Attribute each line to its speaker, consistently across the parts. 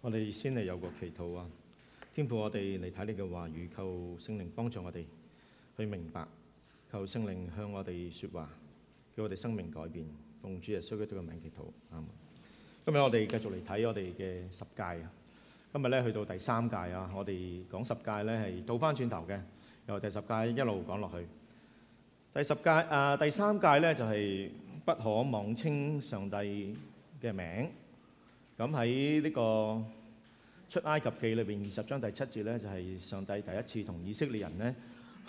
Speaker 1: 我哋先嚟有個祈禱啊！天父，我哋嚟睇你嘅話語，求聖靈幫助我哋去明白，求聖靈向我哋説話，叫我哋生命改變。奉主耶穌嘅呢個名祈禱。今日我哋繼續嚟睇我哋嘅十誡。今日咧去到第三誡啊！我哋講十誡咧係倒翻轉頭嘅，由第十誡一路講落去。第十誡啊，第三誡咧就係、是、不可妄稱上帝嘅名。咁喺呢個出埃及記裏邊二十章第七節咧，就係上帝第一次同以色列人呢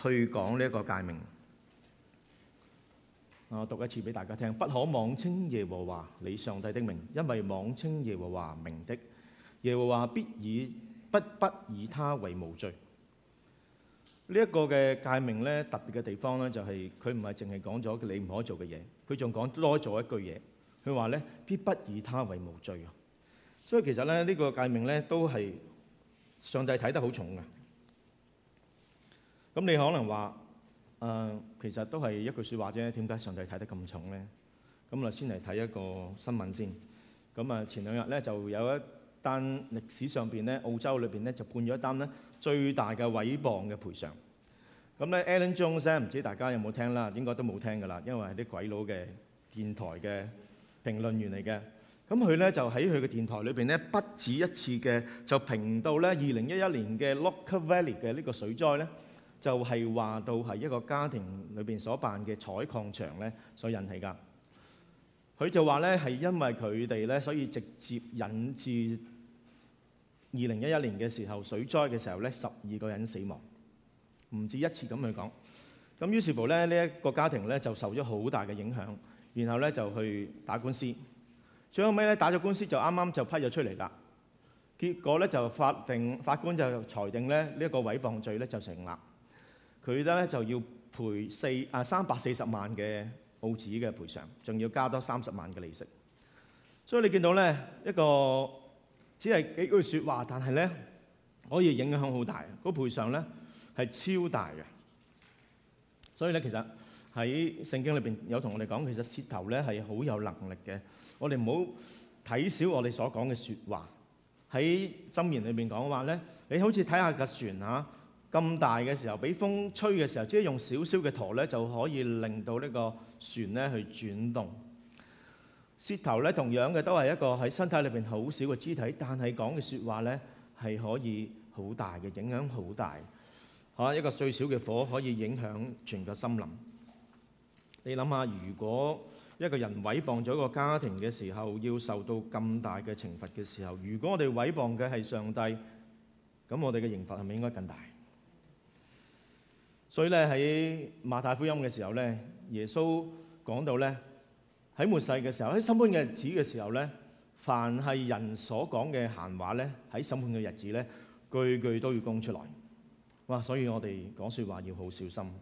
Speaker 1: 去講呢一個誡命。我讀一次俾大家聽：不可妄稱耶和華你上帝的名，因為妄稱耶和華名的，耶和華必以不不以他為無罪。這個、呢一個嘅誡命咧特別嘅地方咧，就係佢唔係淨係講咗你唔可做嘅嘢，佢仲講多咗一句嘢。佢話咧必不以他為無罪！所以其實咧，呢、這個誡命咧都係上帝睇得好重嘅。咁你可能話：誒、呃，其實都係一句説話啫，點解上帝睇得咁重咧？咁我先嚟睇一個新聞先。咁啊，前兩日咧就有一單歷史上邊咧，澳洲裏邊咧就判咗一單咧最大嘅毀謗嘅賠償。咁咧，Alan Jones 唔知大家有冇聽啦？應該都冇聽㗎啦，因為係啲鬼佬嘅電台嘅評論員嚟嘅。咁佢咧就喺佢嘅電台裏面咧，不止一次嘅就評到咧，二零一一年嘅 Lockyer Valley 嘅呢個水災咧，就係話到係一個家庭裏面所辦嘅採礦場咧所引起㗎。佢就話咧係因為佢哋咧，所以直接引致二零一一年嘅時候水災嘅時候咧，十二個人死亡，唔止一次咁去講。咁於是乎咧，呢一個家庭咧就受咗好大嘅影響，然後咧就去打官司。最後尾咧打咗官司就啱啱就批咗出嚟啦，結果咧就法庭法官就裁定咧呢一個毀謗罪咧就成立，佢咧就要賠四啊三百四十萬嘅澳紙嘅賠償，仲要加多三十萬嘅利息。所以你見到咧一個只係幾句説話，但係咧可以影響好大，個賠償咧係超大嘅。所以咧其實喺聖經裏邊有同我哋講，其實舌頭咧係好有能力嘅。我哋唔好睇小我哋所講嘅説話，喺箴言裏邊講話咧，你好似睇下個船嚇，啊、咁大嘅時候，俾風吹嘅時候，即係用少少嘅舵咧就可以令到呢個船咧去轉動。舌頭咧同樣嘅都係一個喺身體裏邊好少嘅肢體，但係講嘅説話咧係可以好大嘅影響，好大嚇，一個最小嘅火可以影響全個森林。你諗下，如果一個人毀謗咗一個家庭嘅時候，要受到咁大嘅懲罰嘅時候，如果我哋毀謗嘅係上帝，咁我哋嘅刑罰係咪應該更大？所以咧喺馬太福音嘅時候咧，耶穌講到咧，喺末世嘅時候，喺審判嘅日子嘅時候咧，凡係人所講嘅閒話咧，喺審判嘅日子咧，句句都要供出來。哇！所以我哋講説話要好小心。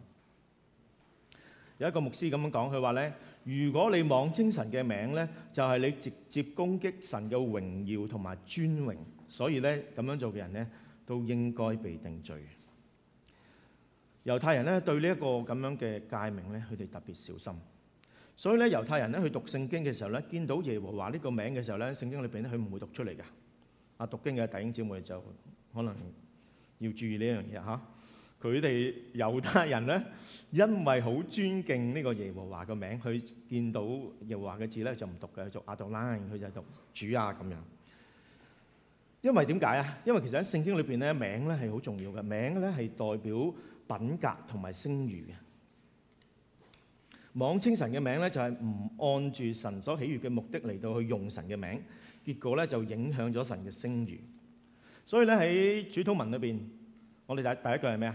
Speaker 1: 有一個牧師咁樣講，佢話咧：如果你妄稱神嘅名咧，就係你直接攻擊神嘅榮耀同埋尊榮，所以咧咁樣做嘅人咧，都應該被定罪。猶太人咧對呢一個咁樣嘅誡命咧，佢哋特別小心，所以咧猶太人咧去讀聖經嘅時候咧，見到耶和華呢個名嘅時候咧，聖經裏邊咧佢唔會讀出嚟㗎。啊，讀經嘅弟兄姊妹就可能要注意呢樣嘢嚇。佢哋猶太人咧，因為好尊敬呢個耶和華嘅名，佢見到耶和華嘅字咧就唔讀嘅，做阿道拉，佢就讀主啊咁樣。因為點解啊？因為其實喺聖經裏邊咧，名咧係好重要嘅，名咧係代表品格同埋聲譽嘅。妄稱神嘅名咧，就係唔按住神所喜悅嘅目的嚟到去用神嘅名，結果咧就影響咗神嘅聲譽。所以咧喺主禱文裏邊，我哋第第一句係咩啊？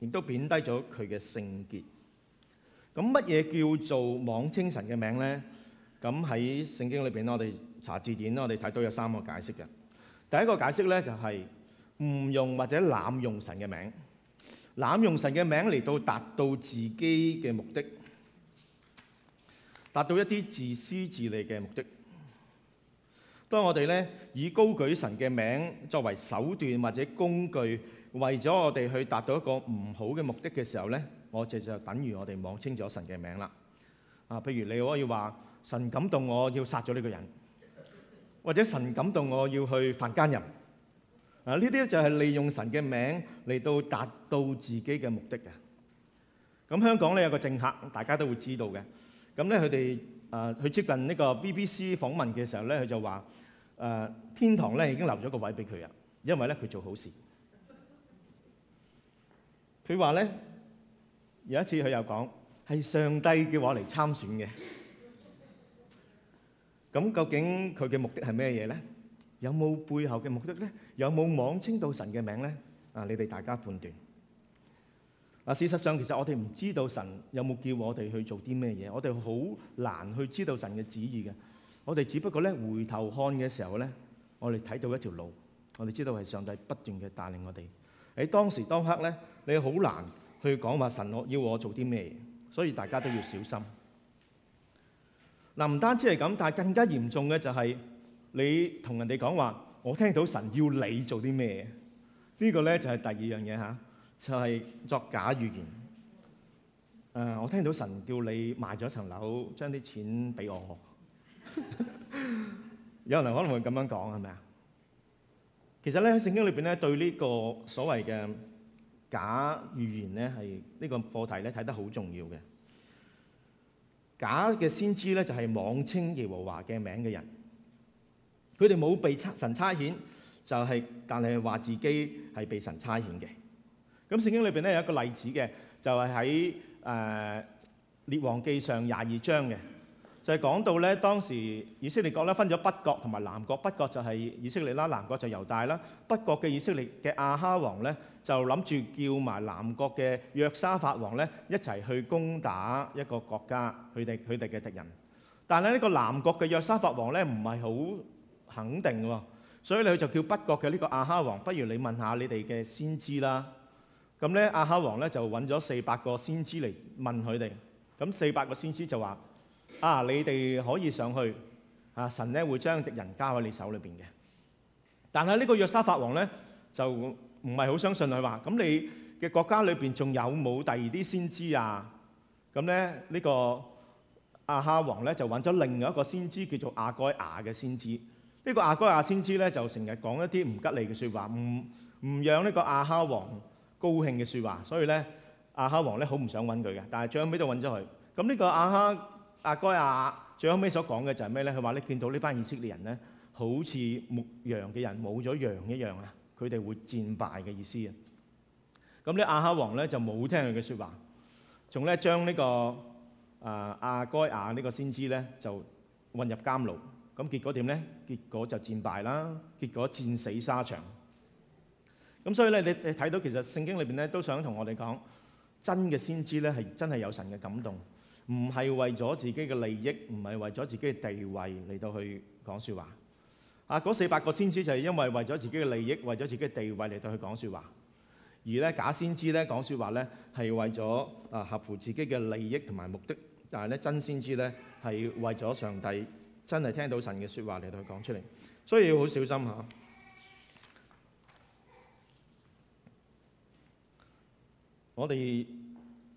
Speaker 1: 亦都貶低咗佢嘅聖潔。咁乜嘢叫做妄稱神嘅名咧？咁喺聖經裏邊，我哋查字典啦，我哋睇到有三個解釋嘅。第一個解釋咧就係唔用或者濫用神嘅名，濫用神嘅名嚟到達到自己嘅目的，達到一啲自私自利嘅目的。當我哋咧以高舉神嘅名作為手段或者工具，為咗我哋去達到一個唔好嘅目的嘅時候咧，我哋就等於我哋妄稱咗神嘅名啦。啊，譬如你可以話神感動我要殺咗呢個人，或者神感動我要去犯奸淫啊，呢啲咧就係利用神嘅名嚟到達到自己嘅目的嘅。咁香港咧有個政客，大家都會知道嘅。咁咧佢哋啊去接近呢個 BBC 訪問嘅時候咧，佢就話誒天堂咧已經留咗個位俾佢啊，因為咧佢做好事。佢話咧，有一次佢又講係上帝叫我嚟參選嘅。咁究竟佢嘅目的係咩嘢咧？有冇背後嘅目的咧？有冇妄稱到神嘅名咧？啊，你哋大家判斷。嗱，事實上其實我哋唔知道神有冇叫我哋去做啲咩嘢，我哋好難去知道神嘅旨意嘅。我哋只不過咧回頭看嘅時候咧，我哋睇到一條路，我哋知道係上帝不斷嘅帶領我哋。喺當時當刻咧，你好難去講話神我要我做啲咩，所以大家都要小心。嗱、啊，唔單止係咁，但係更加嚴重嘅就係你同人哋講話，我聽到神要你做啲咩，這個、呢個咧就係、是、第二樣嘢嚇、啊，就係、是、作假預言。誒、啊，我聽到神叫你賣咗層樓，將啲錢俾我。 有人可能會咁樣講，係咪啊？其實咧，喺聖經裏邊咧，對呢個所謂嘅假預言咧、係呢個課題咧，睇得好重要嘅。假嘅先知咧，就係妄稱耶和華嘅名嘅人，佢哋冇被神差遣，就係但係話自己係被神差遣嘅。咁聖經裏邊咧，有一個例子嘅，就係喺誒，列王記上廿二章嘅。就係講到咧，當時以色列國咧分咗北國同埋南國，北國就係以色列啦，南國就猶大啦。北國嘅以色列嘅亞哈王咧，就諗住叫埋南國嘅約沙法王咧一齊去攻打一個國家，佢哋佢哋嘅敵人。但係呢個南國嘅約沙法王咧唔係好肯定喎，所以佢就叫北國嘅呢個亞哈王，不如你問下你哋嘅先知啦。咁咧亞哈王咧就揾咗四百個先知嚟問佢哋，咁四百個先知就話。啊！你哋可以上去，啊神咧會將敵人交喺你手裏邊嘅。但係呢個約沙法王咧就唔係好相信佢話，咁你嘅國家裏邊仲有冇第二啲先知啊？咁咧呢個阿哈王咧就揾咗另外一個先知叫做阿蓋亞嘅先知。呢個阿蓋亞先知咧就成日講一啲唔吉利嘅説話，唔唔讓呢個阿哈王高興嘅説話，所以咧阿哈王咧好唔想揾佢嘅，但係最後都揾咗佢。咁呢個阿哈。阿該亞最後尾所講嘅就係咩咧？佢話你見到呢班以色列人咧，好似牧羊嘅人冇咗羊一樣啊！佢哋會戰敗嘅意思啊！咁咧亞哈王咧就冇聽佢嘅説話，仲咧將呢個啊阿該亞呢個先知咧就混入監牢。咁結果點咧？結果就戰敗啦，結果戰死沙場。咁所以咧，你你睇到其實聖經裏邊咧都想同我哋講，真嘅先知咧係真係有神嘅感動。唔係為咗自己嘅利益，唔係為咗自己嘅地位嚟到去講説話。啊，嗰四百個先知就係因為為咗自己嘅利益，為咗自己嘅地位嚟到去講説話。而咧假先知咧講説話咧係為咗啊合乎自己嘅利益同埋目的。但係咧真先知咧係為咗上帝真係聽到神嘅説話嚟到去講出嚟，所以要好小心嚇。嗯、我哋。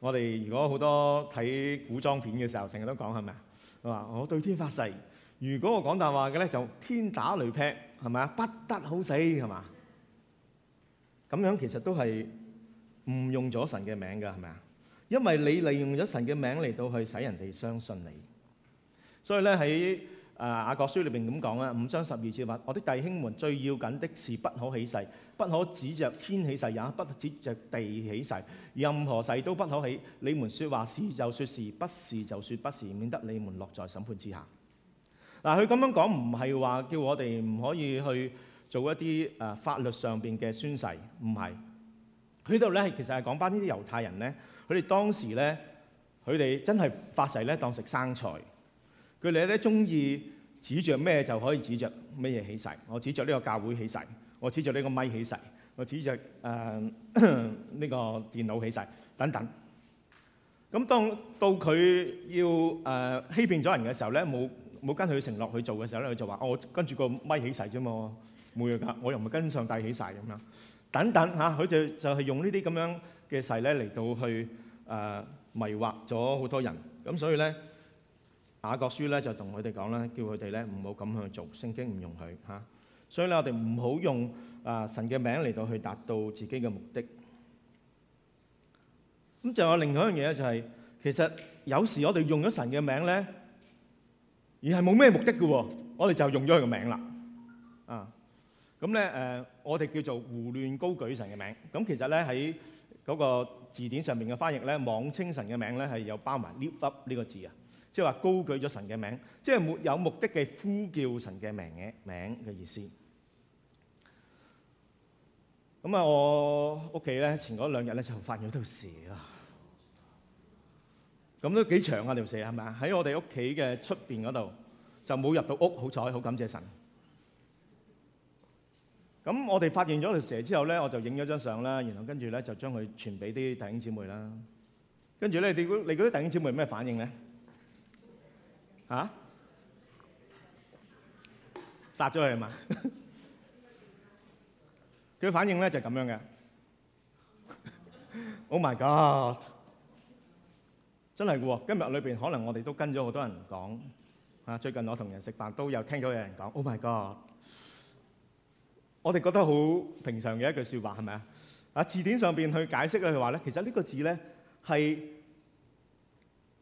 Speaker 1: 我哋如果好多睇古裝片嘅時候，成日都講係咪啊？話我對天發誓，如果我講大話嘅咧，就天打雷劈，係咪啊？不得好死，係嘛？咁樣其實都係誤用咗神嘅名㗎，係咪啊？因為你利用咗神嘅名嚟到去使人哋相信你，所以咧喺啊雅各書裏邊咁講啦，五章十二節話：我啲弟兄們最要緊的是不可起誓。不可指着天起誓，也不指着地起誓，任何誓都不可起。你們説話是就説是，不是就説不是，免得你們落在審判之下。嗱、啊，佢咁樣講唔係話叫我哋唔可以去做一啲誒法律上邊嘅宣誓，唔係。佢呢度咧其實係講翻呢啲猶太人咧，佢哋當時咧，佢哋真係發誓咧當食生菜，佢哋咧中意指着咩就可以指着咩嘢起誓，我指着呢個教會起誓。我指住呢個咪起誓，我指住誒呢個電腦起誓，等等。咁當到佢要誒欺騙咗人嘅時候咧，冇冇跟佢承諾去做嘅時候咧，佢就話：我跟住個咪起誓啫嘛，冇嘢㗎，我又唔係跟上帝起誓咁樣，等等嚇。佢就就係用呢啲咁樣嘅誓咧嚟到去誒迷惑咗好多人。咁所以咧，雅各書咧就同佢哋講咧，叫佢哋咧唔好咁去做，聖經唔容許嚇。所以咧，我哋唔好用啊神嘅名嚟到去達到自己嘅目的。咁仲有另外一樣嘢咧，就係其實有時我哋用咗神嘅名咧，而係冇咩目的嘅喎，我哋就用咗佢個名啦。啊，咁咧誒，我哋叫做胡亂高舉神嘅名。咁其實咧喺嗰個字典上面嘅翻譯咧，妄稱神嘅名咧係有包埋 lift up 呢個字啊。即係話高舉咗神嘅名，即係沒有目的嘅呼叫神嘅名嘅名嘅意思。咁啊，我屋企咧前嗰兩日咧就發現咗條蛇，咁都幾長啊條蛇係咪啊？喺我哋屋企嘅出邊嗰度就冇入到屋，好彩好感謝神。咁我哋發現咗條蛇之後咧，我就影咗張相啦，然後跟住咧就將佢傳俾啲弟兄姊妹啦。跟住咧，你估你嗰啲弟兄姊妹有咩反應咧？吓、啊？殺咗佢係嘛？佢 反應咧就係咁樣嘅。Oh my god！真係喎，今日裏面可能我哋都跟咗好多人講。啊，最近我同人食飯都有聽咗有人講。Oh my god！我哋覺得好平常嘅一句說話係咪啊？啊字典上面去解釋佢話咧，其實呢個字咧係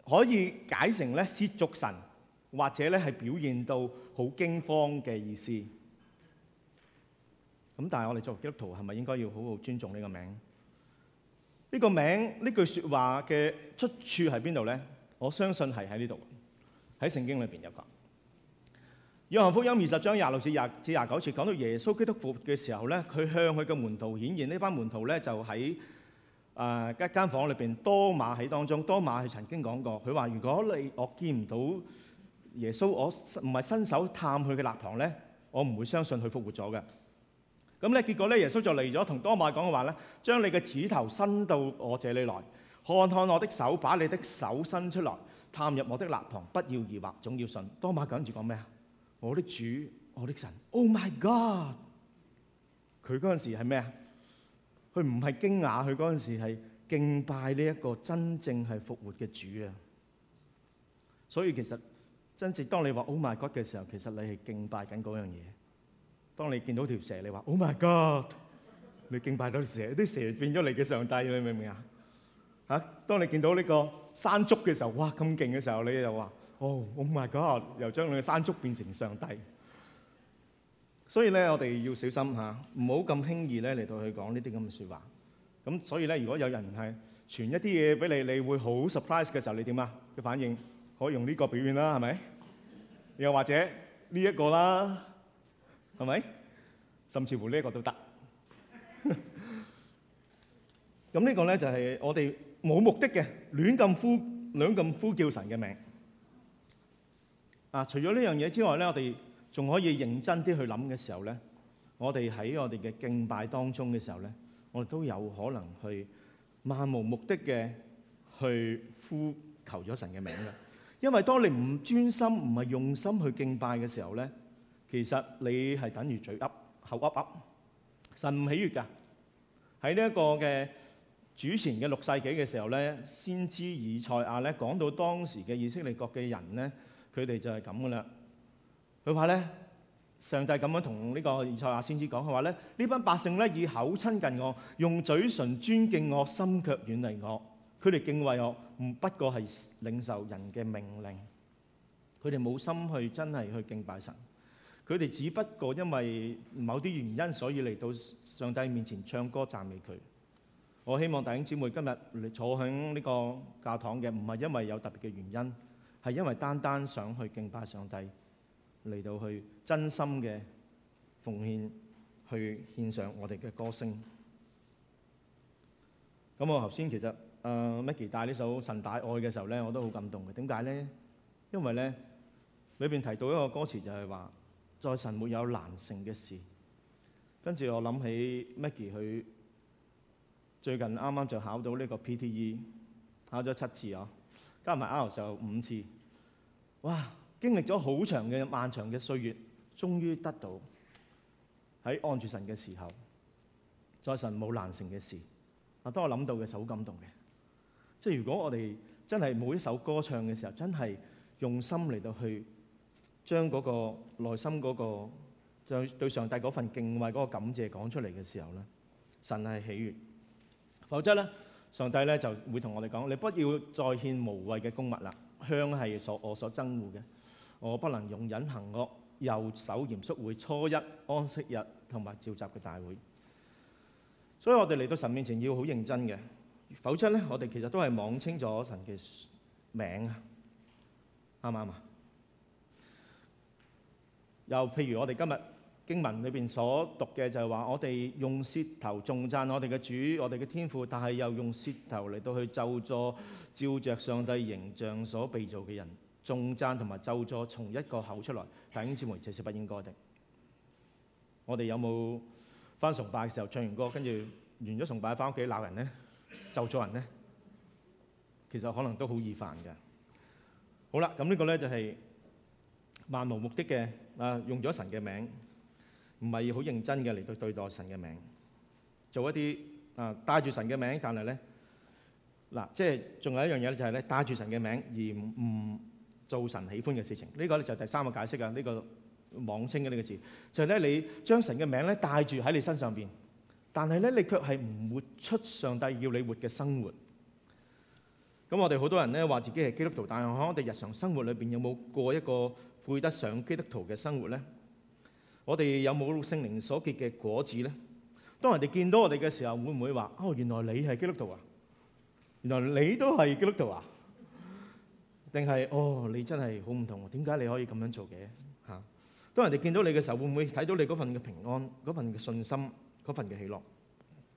Speaker 1: 可以解成咧褻瀆神。或者咧係表現到好驚慌嘅意思，咁但係我哋作為基督徒係咪應該要好好尊重呢個名？呢、呢個名呢句說話嘅出處喺邊度咧？我相信係喺呢度，喺聖經裏邊有噶。約翰福音二十章廿六至廿至廿九節講到耶穌基督復活嘅時候咧，佢向佢嘅門徒顯現，呢班門徒咧就喺啊間間房裏邊，多馬喺當中。多馬係曾經講過，佢話：如果你我見唔到耶穌，我唔係伸手探佢嘅肋旁咧，我唔會相信佢復活咗嘅。咁咧結果咧，耶穌就嚟咗同多馬講嘅話咧，將你嘅指頭伸到我這裏來，看看我的手，把你的手伸出來，探入我的肋旁，不要疑惑，總要信。多馬講住講咩啊？我的主，我的神，Oh my God！佢嗰陣時係咩啊？佢唔係驚訝，佢嗰陣時係敬拜呢一個真正係復活嘅主啊。所以其實。真正當你話 Oh my God 嘅時候，其實你係敬拜緊嗰樣嘢。當你見到條蛇，你話 Oh my God，你敬拜到蛇，啲蛇變咗你嘅上帝，你明唔明啊？嚇！當你見到呢個山竹嘅時候，哇咁勁嘅時候，你又話哦 Oh my God，又將你個山竹變成上帝。所以咧，我哋要小心嚇，唔好咁輕易咧嚟到去講呢啲咁嘅説話。咁所以咧，如果有人係傳一啲嘢俾你，你會好 surprise 嘅時候，你點啊嘅反應？可以用呢個表現啦，係咪？又或者呢一個啦，係咪？甚至乎呢一個都得。咁呢個咧就係我哋冇目的嘅亂咁呼亂咁呼叫神嘅名。啊！除咗呢樣嘢之外咧，我哋仲可以認真啲去諗嘅時候咧，我哋喺我哋嘅敬拜當中嘅時候咧，我哋都有可能去漫無目的嘅去呼求咗神嘅名啦。因為當你唔專心、唔係用心去敬拜嘅時候咧，其實你係等於嘴噏、口噏噏，神唔喜悦噶。喺呢一個嘅主前嘅六世紀嘅時候咧，先知以賽亞咧講到當時嘅以色列國嘅人咧，佢哋就係咁噶啦。佢話咧，上帝咁樣同呢個以賽亞先知講，佢話咧，呢班百姓咧以口親近我，用嘴唇尊敬我，心卻遠離我。佢哋敬畏我，唔不過係領受人嘅命令。佢哋冇心去真係去敬拜神。佢哋只不過因為某啲原因，所以嚟到上帝面前唱歌讚美佢。我希望弟兄姊妹今日坐喺呢個教堂嘅，唔係因為有特別嘅原因，係因為單單想去敬拜上帝，嚟到去真心嘅奉獻，去獻上我哋嘅歌聲。咁我頭先其實～Uh, Maggie 帶呢首《神大愛》嘅時候咧，我都好感動嘅。點解咧？因為咧裏邊提到一個歌詞就係話，在神沒有難成嘅事。跟住我諗起 Maggie，佢最近啱啱就考到呢個 PTE，考咗七次啊，加埋 IELTS 五次。哇！經歷咗好長嘅漫長嘅歲月，終於得到喺按住神嘅時候，在神冇難成嘅事。啊，當我諗到嘅時候好感動嘅。即係如果我哋真係每一首歌唱嘅時候，真係用心嚟到去將嗰個內心嗰個對對上帝嗰份敬畏嗰個感謝講出嚟嘅時候咧，神係喜悦；否則咧，上帝咧就會同我哋講：你不要再獻無謂嘅供物啦，香係所我所憎惡嘅，我不能容忍行惡，右手嚴肅會初一安息日同埋召集嘅大會。所以我哋嚟到神面前要好認真嘅。否則咧，我哋其實都係妄稱咗神嘅名啊，啱唔啱啊？又譬如我哋今日經文裏邊所讀嘅就係話，我哋用舌頭頌讚我哋嘅主，我哋嘅天父，但係又用舌頭嚟到去咒詛照着上帝形象所被造嘅人，頌讚同埋咒詛從一個口出來，弟兄姊妹這是不應該的。我哋有冇返崇拜嘅時候唱完歌，跟住完咗崇拜返屋企鬧人呢？就咗人咧，其實可能都好易犯嘅。好啦，咁呢個咧就係漫無目的嘅啊，用咗神嘅名，唔係好認真嘅嚟對待神嘅名，做一啲啊帶住神嘅名，但係咧嗱，即係仲有一樣嘢咧，就係咧帶住神嘅名而唔唔做神喜歡嘅事情。呢個咧就係第三個解釋啊，呢個妄稱嘅呢個字，就係咧你將神嘅名咧帶住喺你身上邊。但係咧，你卻係唔活出上帝要你活嘅生活。咁我哋好多人咧話自己係基督徒，但係喺我哋日常生活裏邊有冇過一個配得上基督徒嘅生活咧？我哋有冇聖靈所結嘅果子咧？當人哋見到我哋嘅時候，會唔會話：哦，原來你係基督徒啊！原來你都係基督徒啊？定係哦，你真係好唔同啊！點解你可以咁樣做嘅？嚇！當人哋見到你嘅時候，會唔會睇到你嗰份嘅平安、嗰份嘅信心？嗰份嘅喜樂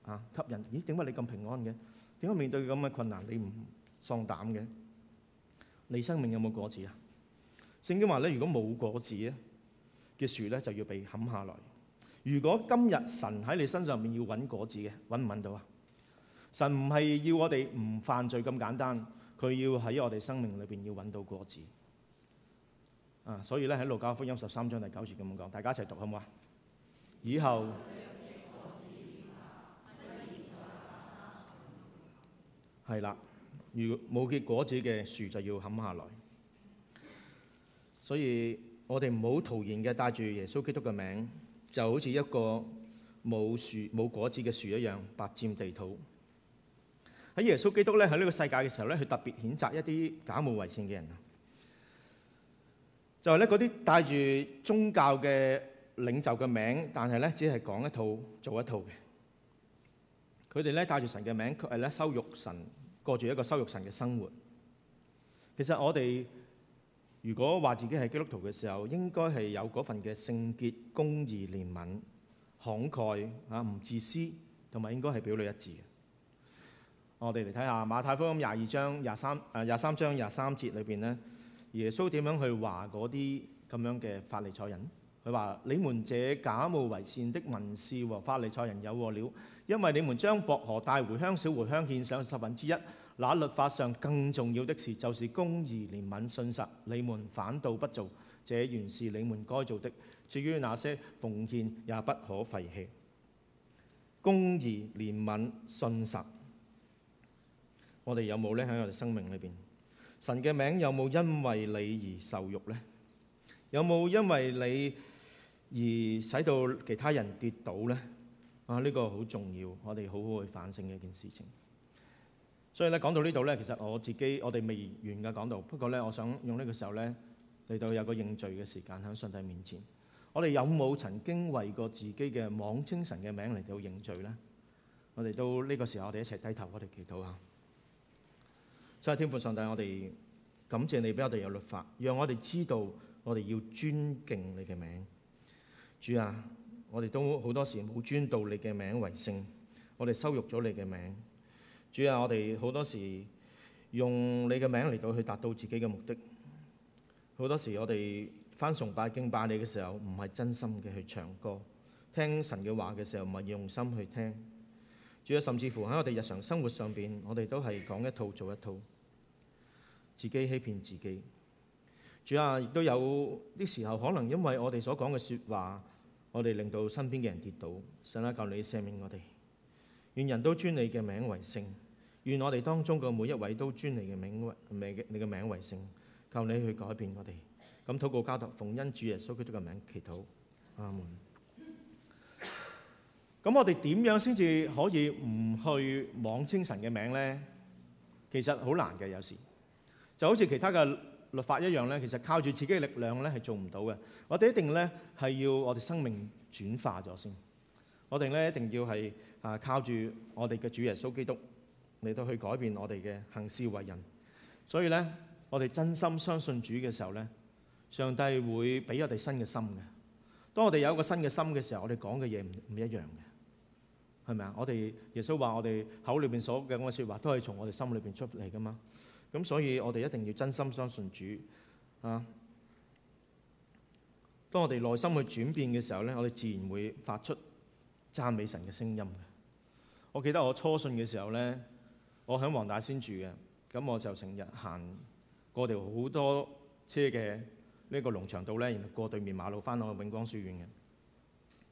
Speaker 1: 啊，吸引咦？點解你咁平安嘅？點解面對咁嘅困難你唔喪膽嘅？你生命有冇果子啊？聖經話咧，如果冇果子嘅樹咧，樹就要被砍下來。如果今日神喺你身上面要揾果子嘅，揾唔揾到啊？神唔係要我哋唔犯罪咁簡單，佢要喺我哋生命裏邊要揾到果子啊！所以咧喺路加福音十三章第九節咁講，大家一齊讀好唔好啊？以後。係啦，如冇結果子嘅樹就要砍下來。所以我哋唔好徒然嘅帶住耶穌基督嘅名，就好似一個冇樹冇果子嘅樹一樣，白佔地土。喺耶穌基督咧喺呢在這個世界嘅時候咧，佢特別譴責一啲假冒偽善嘅人，就係咧嗰啲帶住宗教嘅領袖嘅名，但係咧只係講一套做一套嘅。佢哋咧帶住神嘅名，佢係咧羞辱神，過住一個羞辱神嘅生活。其實我哋如果話自己係基督徒嘅時候，應該係有嗰份嘅聖潔、公義、憐憫、慷慨嚇、唔自私，同埋應該係表裏一致嘅。我哋嚟睇下馬太福音廿二章廿三誒廿三章廿三節裏邊咧，耶穌點樣去話嗰啲咁樣嘅法利賽人？佢話：你們這假冒為善的文士和法利賽人有禍了，因為你們將薄荷、大茴香、小茴香獻上十分之一，那律法上更重要的事就是公義、憐憫、信實，你們反倒不做，這原是你們該做的。至於那些奉獻，也不可廢棄。公義、憐憫、信實，我哋有冇呢喺我哋生命裏邊？神嘅名有冇因為你而受辱呢？有冇因為你？而使到其他人跌倒咧，啊！呢、這個好重要，我哋好好去反省一件事情。所以咧，講到呢度咧，其實我自己我哋未完嘅講道，不過咧，我想用呢個時候咧，嚟到有個認罪嘅時間，響上帝面前。我哋有冇曾經為過自己嘅妄稱神嘅名嚟到認罪咧？我哋到呢個時候，我哋一齊低頭，我哋祈禱下。所以天父上帝，我哋感謝你俾我哋有律法，讓我哋知道我哋要尊敬你嘅名。主啊，我哋都好多時冇尊到你嘅名為聖。我哋羞辱咗你嘅名。主啊，我哋好多時用你嘅名嚟到去達到自己嘅目的。好多時我哋返崇拜敬拜你嘅時候，唔係真心嘅去唱歌，聽神嘅話嘅時候唔係用心去聽。主啊，甚至乎喺我哋日常生活上面，我哋都係講一套做一套，自己欺騙自己。主啊，亦都有啲時候可能因為我哋所講嘅説話，我哋令到身邊嘅人跌倒。神啊，求你赦免我哋。願人都尊你嘅名為聖，願我哋當中嘅每一位都尊你嘅名為名，你嘅名為聖。求你去改變我哋。咁禱告交託奉恩主耶穌基督嘅名，祈禱。阿門。咁我哋點樣先至可以唔去妄稱神嘅名咧？其實好難嘅，有時就好似其他嘅律法一樣咧，其實靠住自己嘅力量咧，係做唔到嘅。我哋一定咧，係要我哋生命轉化咗先。我哋咧，一定要係啊靠住我哋嘅主耶穌基督嚟到去改變我哋嘅行事為人。所以咧，我哋真心相信主嘅時候咧，上帝會俾我哋新嘅心嘅。當我哋有個新嘅心嘅時候，我哋講嘅嘢唔唔一樣嘅，係咪啊？我哋耶穌話：我哋口裏邊所講嘅説話都係從我哋心裏邊出嚟噶嘛。咁所以，我哋一定要真心相信主啊！當我哋內心去轉變嘅時候咧，我哋自然會發出讚美神嘅聲音嘅。我記得我初信嘅時候咧，我喺黃大仙住嘅，咁我就成日行過條好多車嘅呢個農場道咧，然後過對面馬路翻去永光書院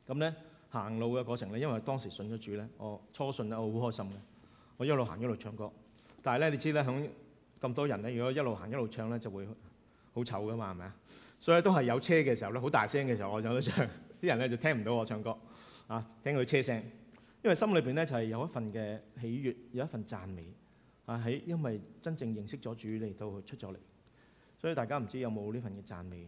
Speaker 1: 嘅。咁咧行路嘅過程咧，因為當時信咗主咧，我初信咧，我好開心嘅，我一路行一路唱歌。但係咧，你知咧喺～咁多人咧，如果一路行一路唱咧，就會好醜㗎嘛，係咪啊？所以都係有車嘅時候咧，好大聲嘅時候，我就去唱，啲人咧就聽唔到我唱歌，啊，聽佢車聲。因為心裏邊咧就係有一份嘅喜悅，有一份讚美，啊，喺因為真正認識咗主嚟到佢出咗嚟，所以大家唔知有冇呢份嘅讚美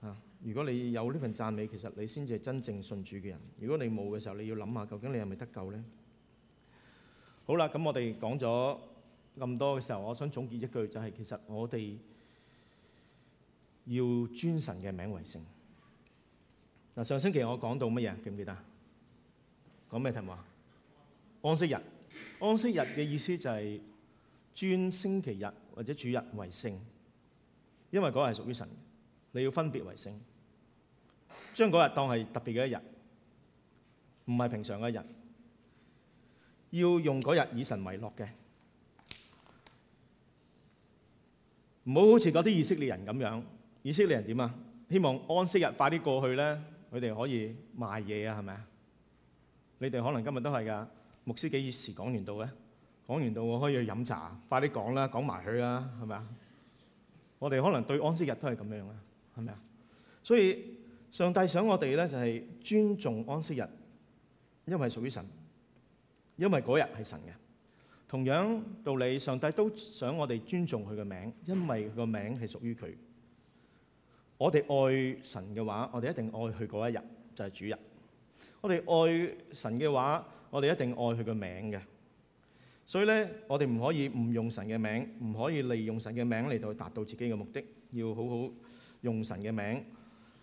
Speaker 1: 啊？如果你有呢份讚美，其實你先至係真正信主嘅人。如果你冇嘅時候，你要諗下究竟你係咪得救咧？好啦，咁我哋講咗。咁多嘅時候，我想總結一句，就係、是、其實我哋要尊神嘅名為聖。嗱，上星期我講到乜嘢？記唔記得？講咩題目啊？安息日。安息日嘅意思就係尊星期日或者主日為聖，因為嗰日係屬於神，你要分別為聖，將嗰日當係特別嘅一日，唔係平常嘅一日，要用嗰日以神為樂嘅。唔好好似嗰啲以色列人咁樣，以色列人點啊？希望安息日快啲過去咧，佢哋可以賣嘢啊，係咪啊？你哋可能今日都係噶，牧師幾時講完到咧？講完到我可以去飲茶，快啲講啦，講埋佢啊，係咪啊？我哋可能對安息日都係咁樣啊，係咪啊？所以上帝想我哋咧就係尊重安息日，因為屬於神，因為嗰日係神嘅。同樣道理，上帝都想我哋尊重佢嘅名，因為佢個名係屬於佢。我哋愛神嘅話，我哋一定愛佢嗰一日，就係主日。我哋愛神嘅話，我哋一定愛佢嘅名嘅。所以咧，我哋唔可以唔用神嘅名，唔可以利用神嘅名嚟到達到自己嘅目的。要好好用神嘅名。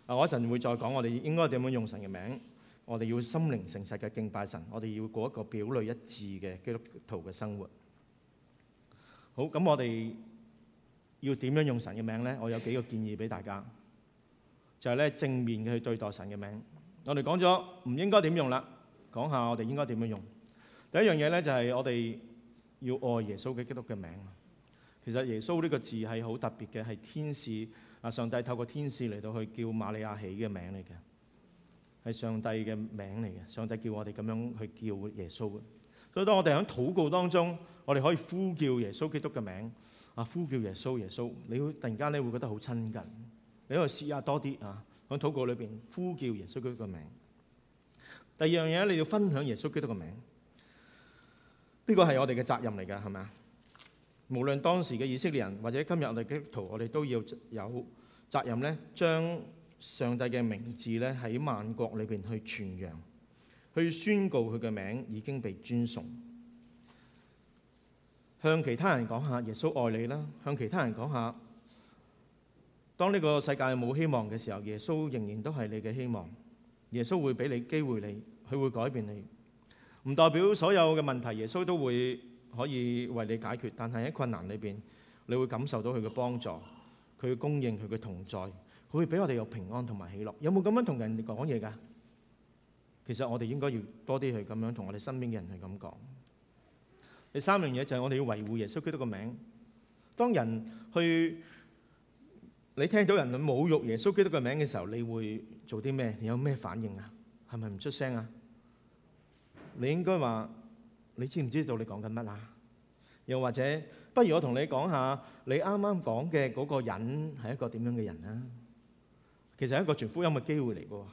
Speaker 1: 啊，我一陣會再講我哋應該點樣用神嘅名。我哋要心靈誠實嘅敬拜神，我哋要過一個表裏一致嘅基督徒嘅生活。好，咁我哋要點樣用神嘅名呢？我有幾個建議俾大家，就係咧正面嘅去對待神嘅名。我哋講咗唔應該點用啦，講下我哋應該點樣用。第一樣嘢呢，就係我哋要愛耶穌嘅基督嘅名。其實耶穌呢個字係好特別嘅，係天使啊，上帝透過天使嚟到去叫瑪利亞起嘅名嚟嘅。係上帝嘅名嚟嘅，上帝叫我哋咁樣去叫耶穌嘅。所以當我哋喺禱告當中，我哋可以呼叫耶穌基督嘅名啊！呼叫耶穌耶穌，你突然間咧會覺得好親近。你可以試下多啲啊，喺禱告裏邊呼叫耶穌基督嘅名。第二樣嘢你要分享耶穌基督嘅名。呢個係我哋嘅責任嚟㗎，係咪啊？無論當時嘅以色列人或者今日我哋基督徒，我哋都要有責任咧將。將上帝嘅名字咧，喺萬國裏邊去傳揚，去宣告佢嘅名已經被尊崇。向其他人講下耶穌愛你啦，向其他人講下，當呢個世界冇希望嘅時候，耶穌仍然都係你嘅希望。耶穌會俾你機會，你佢會改變你。唔代表所有嘅問題，耶穌都會可以為你解決。但係喺困難裏邊，你會感受到佢嘅幫助，佢嘅供應，佢嘅同在。佢會俾我哋有平安同埋喜樂。有冇咁樣同人哋講嘢㗎？其實我哋應該要多啲去咁樣同我哋身邊嘅人去咁講。第三樣嘢就係我哋要維護耶穌基督個名。當人去你聽到人侮辱耶穌基督個名嘅時候，你會做啲咩？你有咩反應啊？係咪唔出聲啊？你應該話你知唔知道你講緊乜啊？又或者不如我同你講下你啱啱講嘅嗰個人係一個點樣嘅人啊？其實係一個傳福音嘅機會嚟嘅。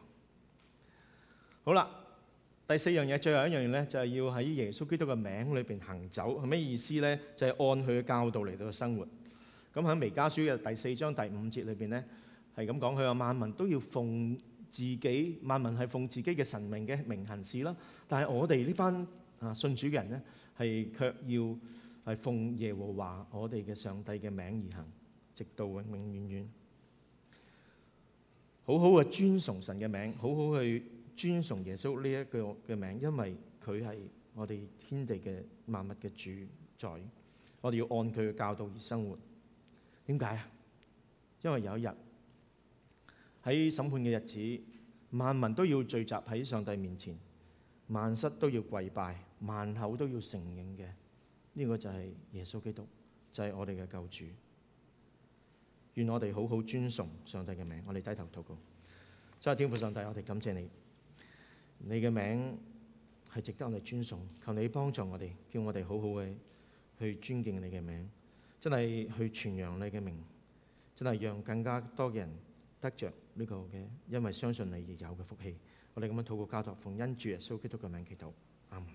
Speaker 1: 好啦，第四樣嘢，最後一樣嘢咧，就係要喺耶穌基督嘅名裏邊行走。係咩意思咧？就係按佢嘅教導嚟到生活。咁喺《彌迦書》嘅第四章第五節裏邊咧，係咁講：佢話萬民都要奉自己，萬民係奉自己嘅神明嘅名行事啦。但係我哋呢班啊信主嘅人咧，係卻要係奉耶和華我哋嘅上帝嘅名而行，直到永永遠遠。好好嘅尊崇神嘅名，好好去尊崇耶穌呢一個嘅名，因為佢係我哋天地嘅萬物嘅主宰，我哋要按佢嘅教導而生活。點解啊？因為有一日喺審判嘅日子，萬民都要聚集喺上帝面前，萬膝都要跪拜，萬口都要承認嘅。呢、這個就係耶穌基督，就係、是、我哋嘅救主。願我哋好好尊崇上帝嘅名，我哋低頭禱告。真係天父上帝，我哋感謝你，你嘅名係值得我哋尊崇。求你幫助我哋，叫我哋好好嘅去尊敬你嘅名，真係去傳揚你嘅名，真係讓更加多嘅人得着呢、這個嘅，因為相信你而有嘅福氣。我哋咁樣禱告，加托奉恩主耶穌基督嘅名祈禱，阿門。